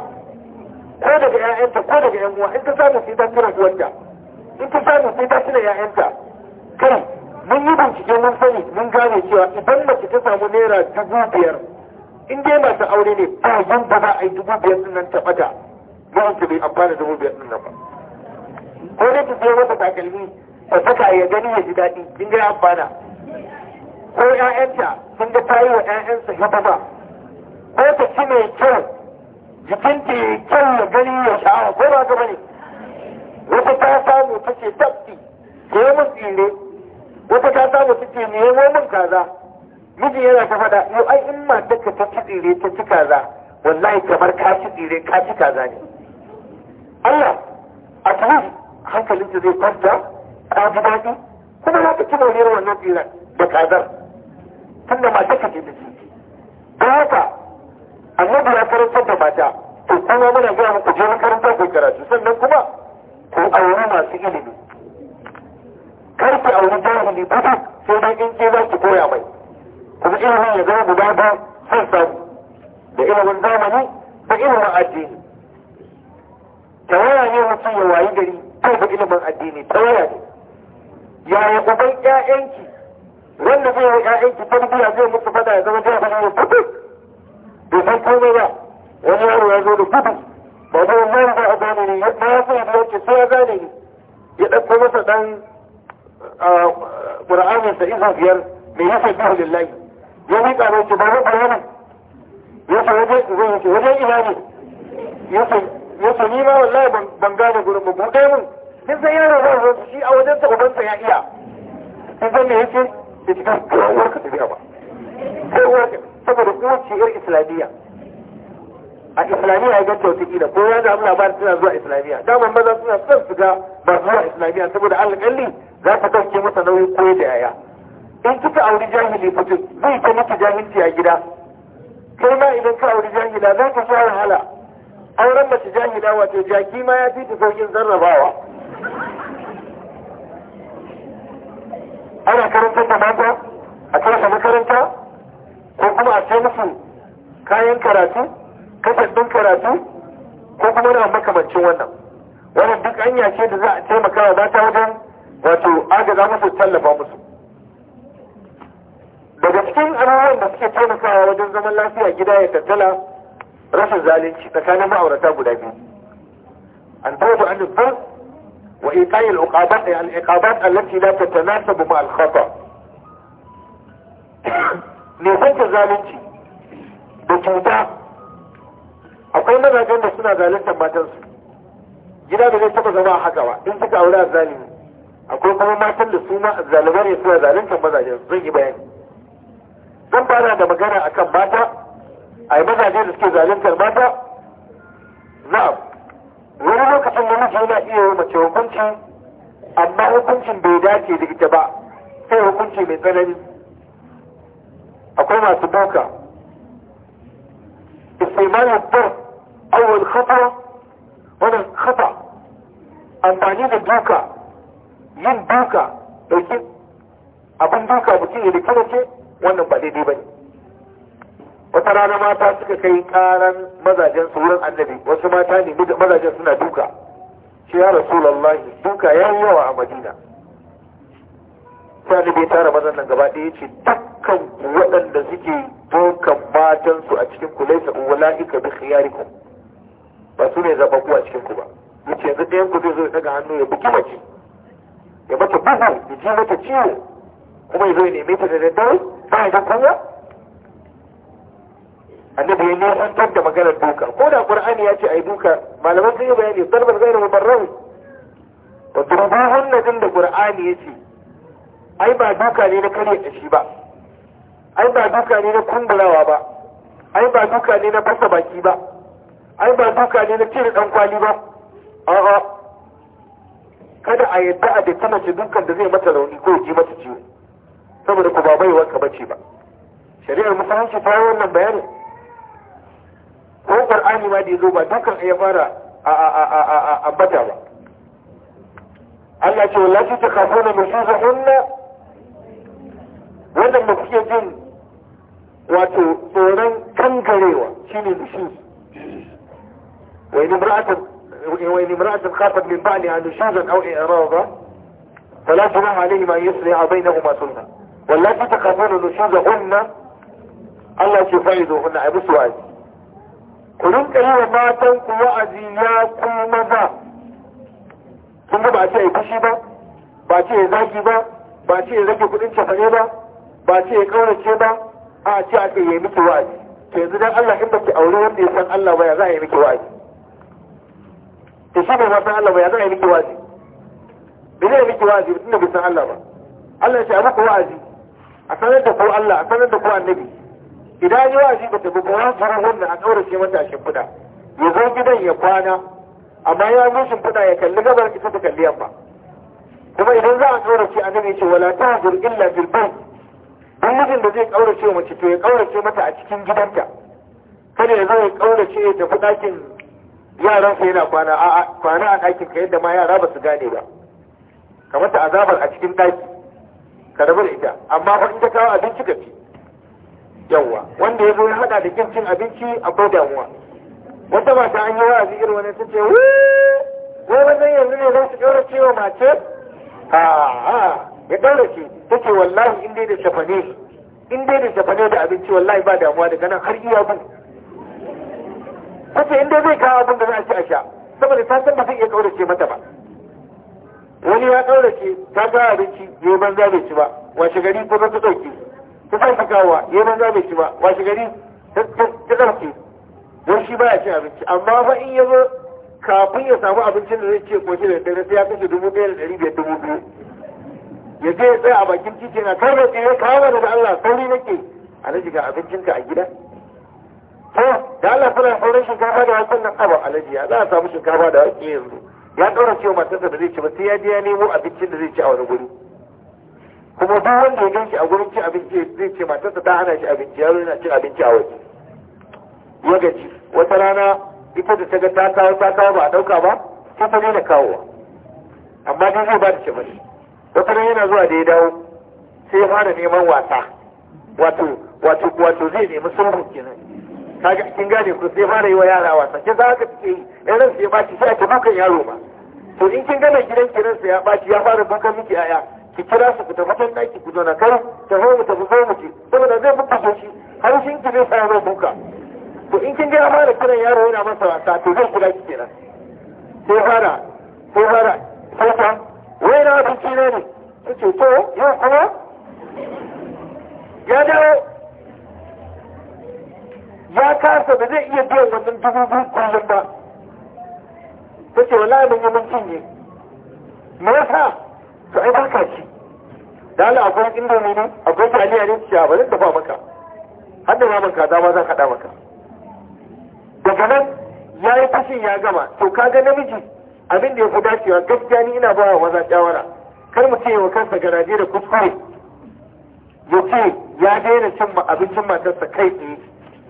ko daga 'ya'yanta ko daga 'yan uwa in ta samu sai ta kira uwanta. In ta samu sai ta kira 'ya'yanta. Kai, mun yi bincike mun sani mun gane cewa idan mace ta samu naira dubu biyar in dai masu aure ne ba zan ba za a yi dubu biyar sunan ta bata yawanki bai amfana dubu biyar din nan ba ko ne ki biya wata takalmi ta saka ya gani ya ji daɗi kin ga amfana ko ƴaƴanta sun ga yi wa ƴaƴansa hidima ko ta ci mai kyau jikinta ya kyau ya gani ya sha'awa ko ba ka bane wata ta samu ta ce tabbi ke mun tsire wata ta samu ta ce nemo mun kaza miji yana ta faɗa yau ai in matarka ta ci tsire ta ci kaza wallahi kamar ka ci tsire ka ci kaza ne Allah a kan hankalin da zai kwanta ta ji daɗi kuma za ta ci moriyar wannan tsirar da kazar da mata ka ke da ciki. ta, haka annabi ya karantar da mata to kuma muna gaya muku je makaranta ko karatu sannan kuma ko auri masu ilimi kar ki aure jahili budu sai dai in ke za ki koya mai kuma ilimin ya zama guda biyu sun samu da ilimin zamani da ilimin addini tawaya ne mutum ya wayi gari kai ba ilimin addini tawaya ne yaya uban ƴaƴanki wanda zai yi ƴaƴanki tarbiya zai musu fada ya zama jihar ya fito bai san komai ba wani yaro ya zo da gudu ba zai mai da gane ne na ya fi yadda sai ya gane ne ya ɗauko masa ɗan ƙura'anin sa isa biyar mai yasa biyu lillahi ya miƙa mai ki ba zai bayani ya sa wajen wajen ina ne ya sa yace ni ma wallahi ban gane gurin ba buɗe mun duk sai yaro zai zo shi a wajen sa ya iya in zan me ce da ki kan kawar ka tafiya ba sai uwar saboda uwar ce yar islamiyya a islamiyya ya ganta wata kila ko ya amma labarin suna zuwa islamiyya daman maza suna son su ga ba zuwa islamiyya saboda alƙalli za ta ɗauke masa nauyin koyar da yaya in kika auri jahili mutum zai ta miki jahilci a gida kai ma idan ka auri jahila za ka sha wahala auren mace jahila wato jaki ma ya fi ta saukin zarrabawa ana karantar da mata a karsa makaranta ko kuma a sai musu kayan karatu kasandun karatu ko kuma na makamancin wannan wannan duk hanya ce da za a taimaka wa mata wajen wato agaza musu tallafa musu daga cikin abubuwan da suke taimakawa wajen zaman lafiya gida ya tattala rasa zalunci tsakanin ma'aurata guda biyu al-bawdu an al wa iqayil uqabat ay al-iqabat allati la tatanasabu ma al-khata ne ta zalunci da cuta akwai mazajen da suna zaluntar matansu gida da zai taba zama haka ba in suka aure zalimi akwai kuma matan da su ma zalimar ya suna zaluntar mazajen zan yi bayani zan fara da magana akan mata a yi mazaje da suke zaluntar mata na'am wani lokacin namiji yana iya yi mace hukunci amma hukuncin bai dace da ita ba sai hukunci mai tsanani akwai masu doka istimalin bar awon khata wani khata amfani da duka yin duka dauki abin duka mutum ya da ce wannan ba daidai ba ne wata rana mata suka kai karan mazajen su annabi wasu mata ne mazajen suna duka shi ya lallahi duka ya yi yawa a madina sani bai tara mazan nan gaba ɗaya ce dukkan waɗanda suke dukan matansu a cikin ku laisa uwala'ika bi ku ba su ne zaba a cikin ku ba yace yanzu ɗayan ku zai zo ya daga hannu ya buki mace ya mata bugu ya ji mata ciwo kuma ya zo ya neme ta da daddare ba ya ga kowa annabi ya nisantar da maganar duka ko da qur'ani ya ce ai duka malaman sun yi bayani zarbar ghairu mubarrah wa turbuhunna din da qur'ani ya ce ai ba duka ne na karya shi ba ai ba duka ne na kumburawa ba ai ba duka ne na fasa baki ba ai ba duka ne na cire dan kwali ba a'a kada a yadda a da tana ce dukan da zai mata rauni ko ji mata ciwo saboda ku ba baiwar wanka bace ba shari'ar musulunci ta yi wannan bayanin ko qur'ani ma da yazo ba dukan ya fara a a a a ambata ba Allah ce wallahi takhafuna nushuzahunna wannan da kuke jin wato tsoron kangarewa shine nushuz wa in imra'atun wa in imra'atun khafat min ba'liha nushuzan aw i'rada fala junaha alayhima an yusliha bainahuma sulha wallahi takhafuna nushuzahunna Allah ce fa'iduhunna ay musu wa'idi ku rinka yi wa matan ku wa'azi ya ku maza kun ga ba ce ya kashi ba ba ce ya zaki ba ba ce ya rage kudin cefane ba ba ce ya kaurace ba a ce a ce ya yi miki wa'azi to yanzu dan Allah in baki aure wanda ya san Allah ba ya za a yi miki wa'azi to shi ne ma san Allah ba ya za a yi miki wa'azi Bai zai miki wa'azi tunda bai san Allah ba Allah ya ce a muku wa'azi a sanar da ku Allah a sanar da ku annabi idan wa shi bata bi kuma farar wannan a ƙaurace mata a ya zo gidan ya kwana amma ya zo kuɗa ya kalli gabar ita ta kalli yamma kuma idan za a ƙaurace a nan ce wala ta hajjar illa bil duk da zai ƙaurace ce mace to ya ƙaurace mata a cikin gidanta kada ya zo ya ƙaurace ya tafi ɗakin yaransa yana kwana a kwana a ɗakin ka yadda ma yara ba su gane ba kamar ta azabar a cikin ɗaki ka rabu da ita amma fa in ta kawo abinci ka ci yawa wanda ya zo ya hada da kin cin abinci akwai damuwa wata mata an yi wa'azi irin wani ta ce wai wajen yanzu ne za su ɗaura cewa mace a ya ɗaura ce ta ce wallahi in dai da shafane in dai da shafane da abinci wallahi ba damuwa daga nan har iya bu ta ce in dai zai kawo abin da za a ci a sha saboda ta san ba zai iya ɗaura ce mata ba wani ya ɗaura ce ta ga abinci ya banza bai ci ba washe gari ko ta ɗauki ta sarfakawa ya banza bai shi ba washe gari ta ƙarfi don shi baya cin abinci amma fa in ya zo kafin ya samu abincin da zai ce ko shi da dare sai ya kashe dubu ɗaya da ɗari biyar dubu biyu ya je ya tsaya a bakin titi na kar da kawo da Allah sauri nake alaji ga abincinka a gida to da Allah fara sauran shinkafa da wasan nan aba alaji ya za a samu shinkafa da wake yanzu ya ɗaura cewa matarsa da zai ci ba sai ya je ya nemo abincin da zai ci a wani guri kuma duk wanda ya ganshi a gurin cin abinci zai ce matarsa ta hana shi abinci yaro yana cin abinci a waje ya gaji wata rana ita da ta ga ta kawo ta kawo ba a ɗauka ba sai ta daina kawowa amma dai zai ba da ce mashi wata rana yana zuwa da ya dawo sai ya fara neman wasa wato wato wato zai nemi sulhu kenan kaga kin gane ku sai fara yi wa yara wasa ke za ka ce yaran sai ba ki sai a tafi kan yaro ba to in kin gane gidan kiransa ya ba ya fara bukan miki aya ki kira su ku tafi can ɗaki ku zauna kai ta zo mu tafi zo mu ci saboda zai bubbuge shi har shi ki zai sa zai buka to in kin je fara kiran yaro yana masa wasa to zai kula ki kenan sai fara sai fara sai fa wai na kina ne ne ce to yau kuma ya dawo ya kasa da zai iya biyan wannan dubu biyu kullum ba ta ce wala mun yi mun cinye me yasa to ai barka ci da akwai indomi ne akwai taliya a ciya ba zan tafa maka hadda da naman kaza ma zan haɗa maka daga nan ya yi fashin ya gama to ka ga namiji abin da ya fi dacewa gaskiya ni ina ba wa maza shawara kar mu ce wa kansa garaje da kuskure ya ce ya daina cin abincin matarsa kai tsaye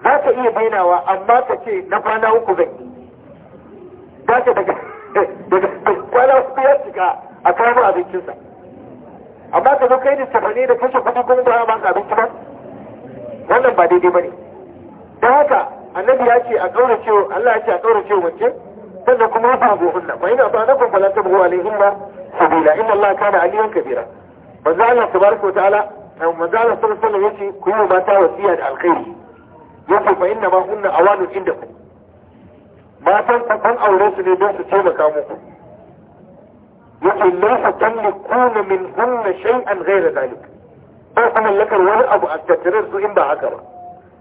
za ka iya bainawa amma ka ce na kwana uku zai za ka daga kwana uku ya shiga a kawo abincinsa amma ka zo kai da safane da kashe kuɗi kuma ba ma ka abinci ba wannan ba daidai ba ne don haka annabi ya ce a ƙaurace Allah ya ce a ƙaurace mace sannan kuma ya fago hunna fa ina ba na kun falan tabu alaihim ma sabila inna Allah kana aliyan kabira manzo Allah tabaraka wa ta'ala manzo Allah sallallahu alaihi wasallam yace ku yi mata wasiya da alkhairi yace fa inna ma hunna awanu indakum matan kan aure su ne don su taimaka muku yake la tamlikuna min hunna shay'an ghayra zalik ba ku mallakar wani abu a tattare su in ba haka ba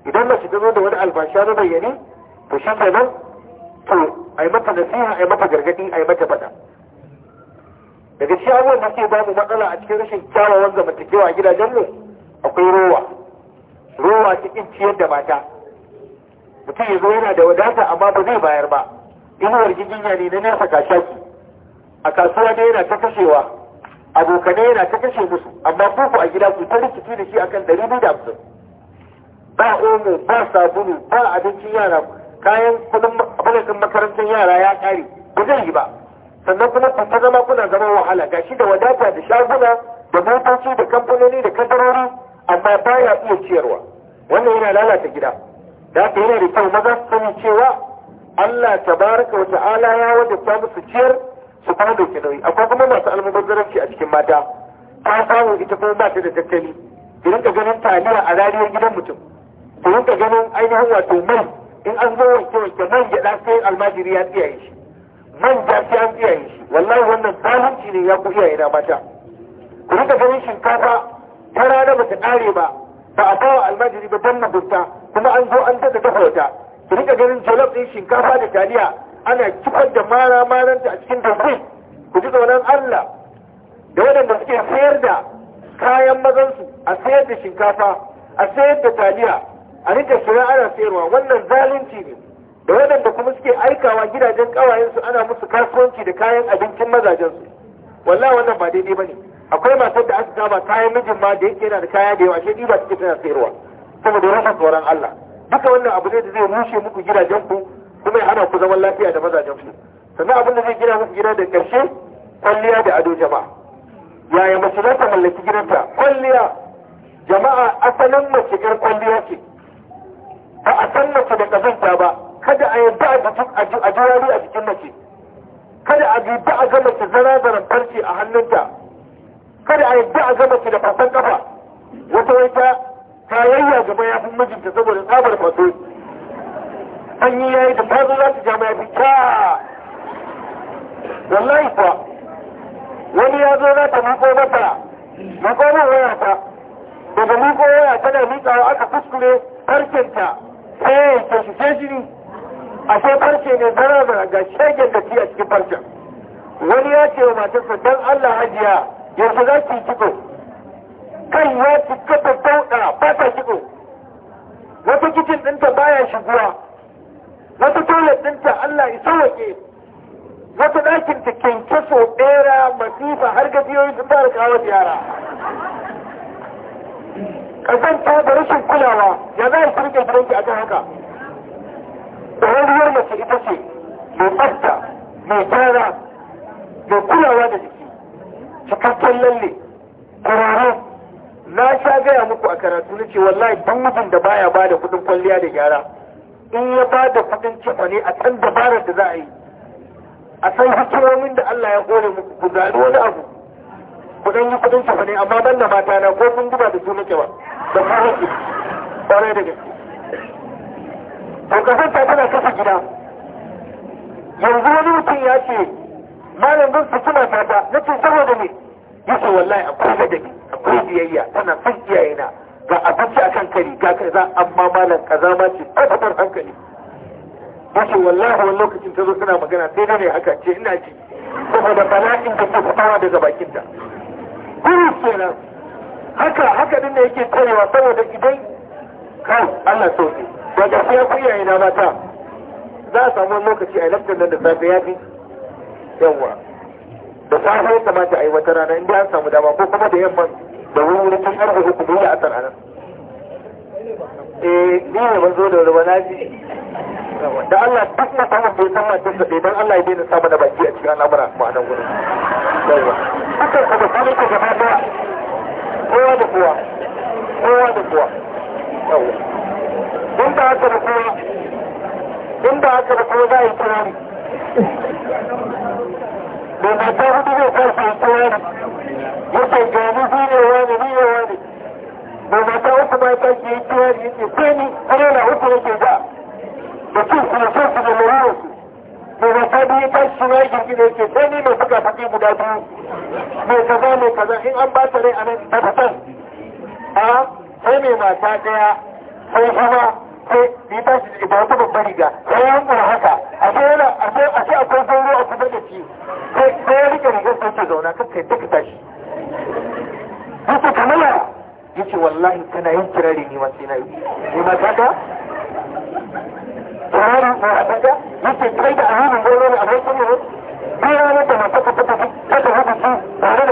idan mace ta zo da wani albasha na bayyane to shi nan. to ai mata nasiha ai mata gargadi ai mata fada daga shi abubuwan da ke ba mu matsala a cikin rashin kyawawan zamantakewa a gidajen mu akwai rowa rowa cikin ciyar da mata mutum ya zo yana da wadata amma ba zai bayar ba inuwar giginya ne na nesa kashaki a kasuwa ne yana ta kashewa abokanai yana ta kashe musu amma kuku a gida ku ta rikici da shi akan ɗari biyu da hamsin ba omo ba sabulu ba abincin yara kayan kudin abin makarantar yara ya kare ba zai yi ba sannan kuma ku ta zama kuna zama wahala gashi da wadata da shaguna da motoci da kamfanoni da kadarori amma ba ya iya ciyarwa wannan yana lalata gida da haka yana da kyau maza su sani cewa Allah tabaraka wa ta'ala ya wajabta musu ciyar su kuma dauki nauyi akwai kuma masu almubazzaranci a cikin mata ta samu ita kuma ba ta da tattali ki rinka ganin taliya a rariyar gidan mutum ki rinka ganin ainihin wato mai in an zo wanke wanke man gyaɗa sai almajiri ya tsiyaye shi man ja sai an tsiyaye shi wallahi wannan zalunci ne ya ku iyaye na mata ku rinka ganin shinkafa ta rana ba ta ƙare ba ba a kawo almajiri ba don mugunta kuma an zo an daga dafa wata ki rinka ganin jolof ɗin shinkafa da taliya ana kifar da mara maranta a cikin dafis ku ji tsoron Allah da waɗanda suke sayar da kayan mazansu a sayar da shinkafa a sayar da taliya a rika shirya ana sayarwa wannan zalunci ne da waɗanda kuma suke aikawa gidajen ƙawayensu ana musu kasuwanci da kayan abincin mazajensu wallahi wannan ba daidai ba ne akwai matar da aka kama kayan mijin ma da yake yana da kaya da yawa shi ba suke tana sayarwa saboda rashin tsoron Allah duka wannan abu ne da zai rushe muku gidajen ku kuma ya hana ku zaman lafiya da mazajen ku sannan abin da zai gina musu gida da karshe kwalliya da ado jama'a yaya mace za ta mallaki gidanta kwalliya jama'a asalin mace ƴar kwalliya ce ba a san mace da kazanta ba kada a yarda a ji a jikin mace kada a yarda a ga mace zara farce a hannunta kada a yarda a ga mace da fasan kafa wata wata tayayya gaba ya fi mijinta saboda tsabar fasoyi an yi yayi da tazo za jama'a wallahi kuwa wani ya zo na ta miko mata makonin waya ta daga miko waya tana wa aka kuskure farkenta sai eh, ta yi tashi sai a ashe farke ne zara zara ga shagen da a cikin farcen wani ya ce wa matarsa don Allah hajiya yanzu za ki kiko kai ya cika da dauɗa ba ta ciko wata kicin ɗinta baya shiguwa wata toilet dinta Allah ya sauwaƙe wata ɗakin ta so bera masifa har gajiyoyi sun fara kawo yara ta da rashin kulawa ya za a shirya gidanki a kan haka ɗauriyar mace ita ce mai tsafta mai tsara mai kulawa da jiki cikakken lalle ƙwararru na sha gaya muku a karatu na ce wallahi duk mutum da baya ba da kuɗin kwalliya da gyara in ya ba da kudin cewa ne a can dabarar da za a yi a san hikimomin da Allah ya kore muku ku zaɓi wani abu kudin yi kudin cewa ne amma ban da mata na ko sun duba da su muke ba da fara ki ƙwarai da gaske to kasar ta tana kasa gida yanzu wani mutum ya ce malam zan su kuma ta na ce saboda ne yace wallahi akwai ladabi akwai biyayya tana son iyayena an ce akan kari ga kaza amma malam kaza ma ce tabbatar hankali yace wallahi wani lokacin ta zo suna magana sai na ne haka ce ina ji saboda bala'in da ke fitawa daga bakinta guru kenan haka haka din da yake koyewa saboda idan kai Allah sauke da sai ku iyaye na mata za a samu lokaci a lafiyar nan da safe ya fi yawa da safe ya kamata a yi wata rana inda an samu dama ko kuma da yamma da wuri tun karfe kuma ya asar a nan eh gina ban zo da ruwa na da Allah duk na samun bai san ta su dan Allah ya daina samu da baki a cikin al'amura ba nan gurin yawa hakan ka da ka gaba da kowa da kowa kowa da kowa yawa in ba haka da kowa in ba haka da kowa za a yi kirari da mata hudu zai karfe kirari yake gani zuwa wani zuwa wani da mata uku ba ta ke yi tuwa da yake sai ni har yana uku ke da da cin su da cin su da Mai su da mata biyu ta shi na girgi da yake sai ni mai suka faɗi guda biyu mai kaza mai kaza in an ba ta rai a nan ta fitan a sai mai mata ɗaya sai kuma sai ni ta shi da wata babbar riga sai ya hankula haka a sai yana a sai a sai akwai sauro a kusa da shi sai ya rike rigar sai ke zauna kakkai ta ka tashi. Haka kamala yace wallahi kana yin kirari ne masu yanayi ne ma kaka? kirari ne a kaga yace kai da aminin gole ne a wasu kuma ne bayan da mata ka fita ta ta hudu su tare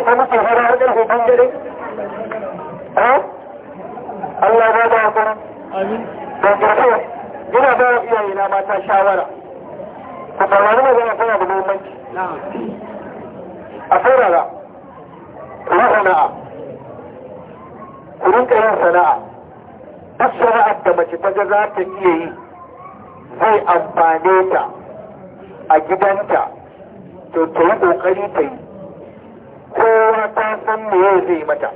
sana'a duk sana'ar da mace ta ga za ta iya yi zai amfane ta a gidanta to ta yi ƙoƙari ta yi kowa ta san me zai mata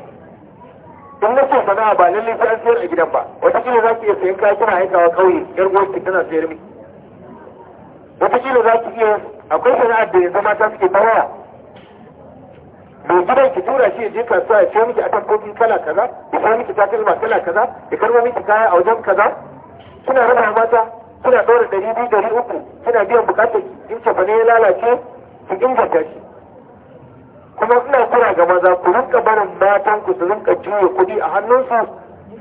in na ce sana'a ba lallai sai an sayar a gidan ba wataƙila za ki iya sayan kaya kina aikawa ƙauye yar uwarki tana sayar miki wataƙila za ki iya akwai sana'ar da yanzu mata suke ta waya mai eh, gidan ki tura shi je kasuwa ya ce miki kofi kala kaza ya sa miki takalma kala kaza ya karba miki kaya a wajen kaza kuna raba mata kuna dora ɗari biyu ɗari uku kuna biyan bukatar in cefa ne ya lalace ki inganta shi kuma ina kura ga maza ku rinka barin matan ku su rinka juya kuɗi a hannunsu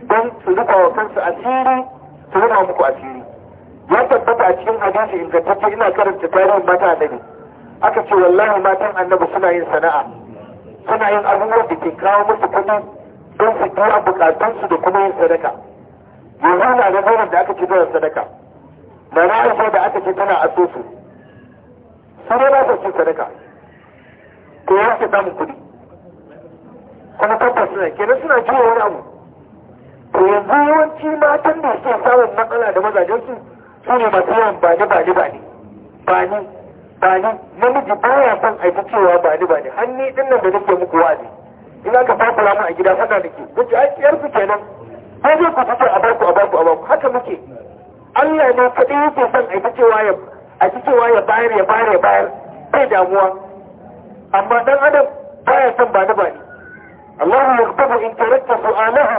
don su rufa wa kansu asiri su rufa muku asiri ya tabbata a cikin hadisi ingantacce ina karanta tarihin mata annabi aka ce wallahi matan annabi suna yin sana'a suna yin abubuwan da ke kawo musu kuɗi don su biya bukatunsu da kuma yin sadaka yanzu na da zauren da aka ce zauren sadaka da na aisha da aka ce tana aso su su ne ba su sadaka ko ya ce samun kuɗi kuma tabbas suna kenan suna jiwa wani abu to yanzu yawanci matan da suke samun matsala da mazajensu su ne masu yawan bani-bani-bani. bane ba ni namiji ya son aiki cewa ba ni ba ni har ni din nan da nake muku wa'azi in aka fafura mu a gida haka nake kuce ai kiyar ku kenan ai zai ku fice a baku a baku a baku haka muke Allah ne kaɗai yake son aiki cewa ya aiki cewa ya bayar ya bayar ya bayar bai damuwa amma dan adam ba ya son ba ni ba ni الله يغضب إن تركت سؤاله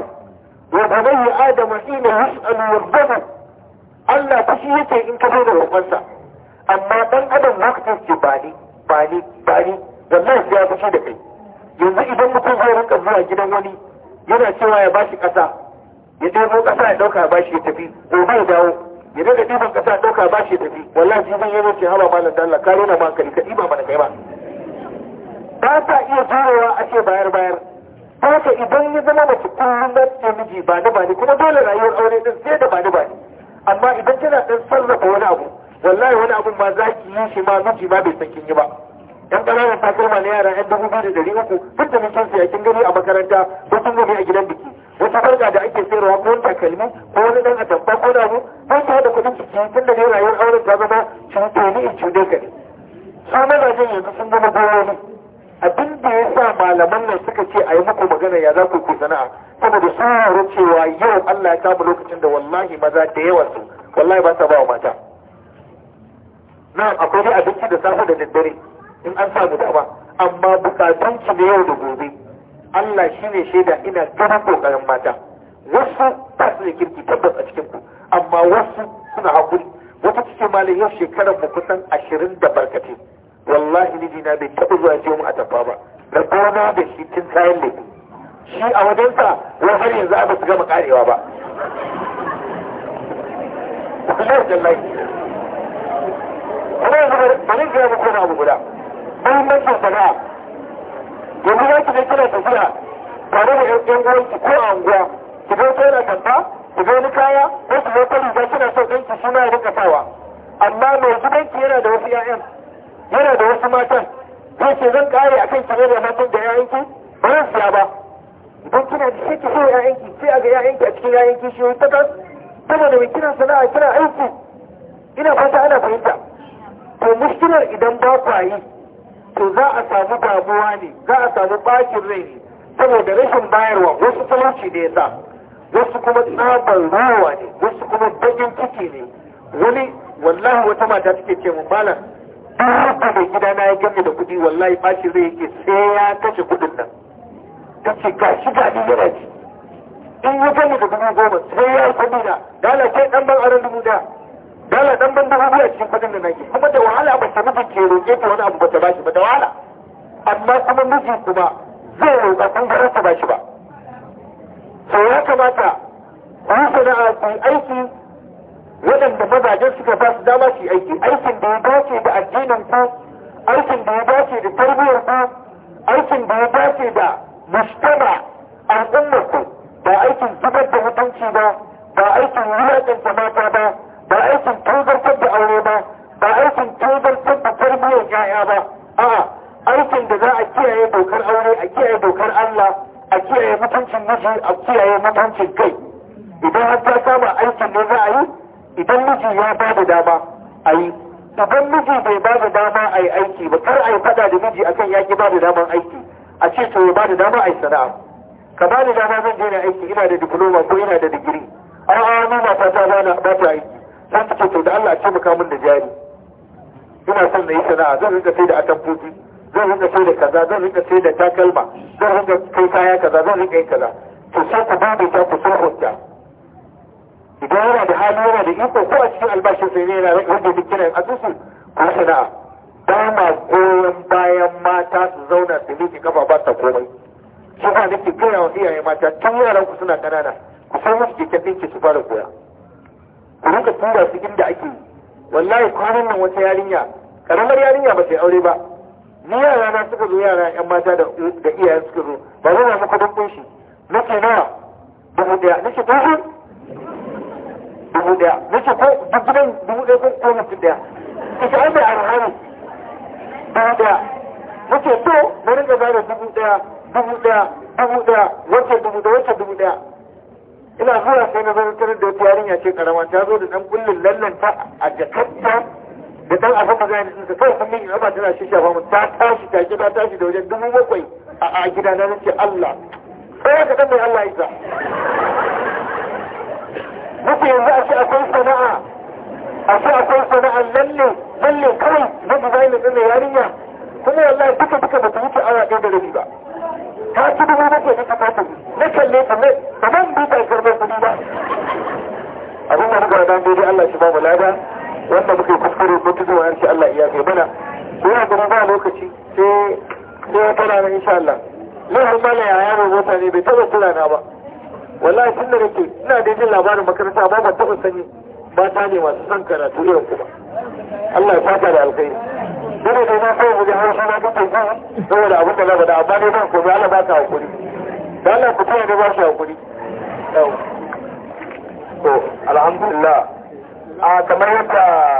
وبني آدم حين يسأل يغضب in ka إن da وقنسى amma dan adam lokacin ke ba ni ba ni ba ni sai ya fushi da kai yanzu idan mutum zai rinka zuwa gidan wani yana cewa ya bashi kasa ya dawo kasa ya dauka bashi ya tafi gobe ya dawo ya daga ɗiban kasa ya bashi ya tafi wallahi zai yana zo ce haba malam da Allah ka rona ma hankali ka ɗiba mana kai ba ba ta iya jurewa a ce bayar bayar haka idan ya zama mace kullum na ce miji ba ni ba ni kuma dole rayuwar aure din sai da ba ni ba ni amma idan tana dan sarrafa wani abu wallahi wani abun ma za ki yi shi ma zuci ma bai san kin yi ba yan ƙananan takalma na yara yan dubu biyu da dari uku duk da san sai kin gani a makaranta ko kin gani a gidan biki wata farga da ake sayarwa ko takalmi ko wani dan atamfa ko da mu ko da kuɗin ciki tun da ne rayuwar auren ta zama cuto ni in cude ka ne su mazajen yanzu sun zama gowoni abin da ya sa malaman nan suka ce a yi muku magana ya za ku ku sana'a saboda sun cewa yau Allah ya kama lokacin da wallahi maza da yawa su wallahi ba sa ba wa mata na akwai na abinci da safe da daddare in an samu dama amma bukatun ki na yau da gobe Allah shi ne shaida ina ganin kokarin mata wasu ba su da kirki tabbas a cikin ku amma wasu suna hakuri wata cikin malam yau shekarar mu kusan ashirin da barkate wallahi ni jina bai taɓa zuwa ce mu a tafa ba na gona da shi tun kayan laifi shi a wajensa wai har yanzu ba su gama karewa ba wallahi kuma mu yanzu za ki kina tafiya tare da yan ko a unguwa ki zo ta yana ki ni kaya ko ki ta riga son ya rinka amma mai gidanki yana da wasu yana da wasu ce zan kare a kan da da ba zan ba da sai a ga 'ya'yanki a cikin shi kina sana'a kina aiki ina fata ana fahimta to mushkilar idan ba kwa yi to za a samu damuwa ne za a samu bakin rai ne saboda rashin bayarwa wasu talauci ne sa wasu kuma tsabar ruwa ne wasu kuma bakin ciki ne wani wallahi wata mata suke ce mu malam duk da gida na ya gami da kuɗi wallahi bashi zai yake sai ya kashe kuɗin nan ta ce ga shi ga ni yana ji in ya gami da dubu goma sai ya yi kuɗi da dala kai ɗan ban aron dubu da dala dan ban dubu biyu a cikin kudin da nake kuma da wahala ba ta nufin ke roƙe ta wani abu ba ta ba shi ba da wahala amma kuma miji kuma zai roƙa kun gara ta shi ba to ya kamata ku yi sana'a ku yi aiki waɗanda mazajen suka ba su dama su aiki aikin da ya dace da addinin ku aikin da ya dace da tarbiyyar ku aikin da ya dace da mustama al'ummar ku ba aikin zubar da mutunci ba ba aikin wulaƙanta mata ba ba aikin tozartar da aure ba ba aikin tozartar da tarbiyyar yaya ba a'a aikin da za a kiyaye dokar aure a kiyaye dokar Allah a kiyaye mutuncin miji a kiyaye mutuncin kai idan har ta kama aikin ne za a yi idan miji ya ba da dama a yi idan miji bai ba da dama a yi aiki ba kar a yi fada da miji akan ya ki ba da daman aiki a ce to ya ba da dama a yi sana'a ka ba da dama zan daina aiki ina da diploma ko ina da digiri a'a ni mata ta ba ta aiki za ta ce to da Allah a taimaka mun da jari ina son na yi sana'a zan rinka sai da atamfofi zan rinka sai da kaza zan rinka sai da takalma zan rinka kai kaya kaza zan rinka yin kaza to sai ku babu ta ku sulhunta idan yana da hali yana da iko ko a cikin albashin sai ne yana rage duk kiran asusu ko sana'a ba ma goyon bayan mata su zauna su miƙe kafa ba ta komai shi ba nake gaya wa iyaye mata tun yaran ku suna ƙanana ku san musu keken ɗinki su fara koya Ka rinka tura su inda ake wallahi kwanan nan wata yarinya karamar yarinya ba sai aure ba ni yara na suka zo yara yan mata da da iyayen suka zo ba zan samu kudin kunshi nake nawa dubu daya nake dubu dubu daya nake ko dubu daya dubu daya ko ko mutum daya ita an bai arhani dubu daya nake to na rinka bada dubu daya dubu daya dubu daya wace dubu daya wace dubu daya ina zuwa sai na zantar da wata yarinya ce karama ta zo da dan kullun lallanta a jakarta da dan a sama gani sun kawai san min ba tana shi shafa mu ta tashi ta ke ta tashi da wajen dubu bakwai a a gida na nace Allah sai ka dan mai Allah isa muku yanzu a ce akwai sana'a a ce akwai sana'a lalle lalle kawai na design din yarinya kuma wallahi duka duka ba ta wuce awa ɗaya da rabi ba ta ci dubu nake nake tafi na kalle ta ne ba zan bi ta girman kuɗi ba abin da muka rada daidai Allah shi ba mu lada wanda muke yi kuskure ko tuzo wa yanci Allah iya kai mana ko ya gaba ba lokaci sai sai wata rana insha Allah lahar mala ya yaro mota ne bai taɓa kula na ba wallahi tun da nake ina da jin labarin makaranta ba ban taɓa sani ta ne masu son karatu irin kuma Allah ya fata da alkhairi dole ne na kawai wajen hausa na duka ji saboda abin da na da amma ne ban komai Allah ba ka hakuri da Allah ku tuna ne ba shi hakuri to alhamdulillah a kamar yadda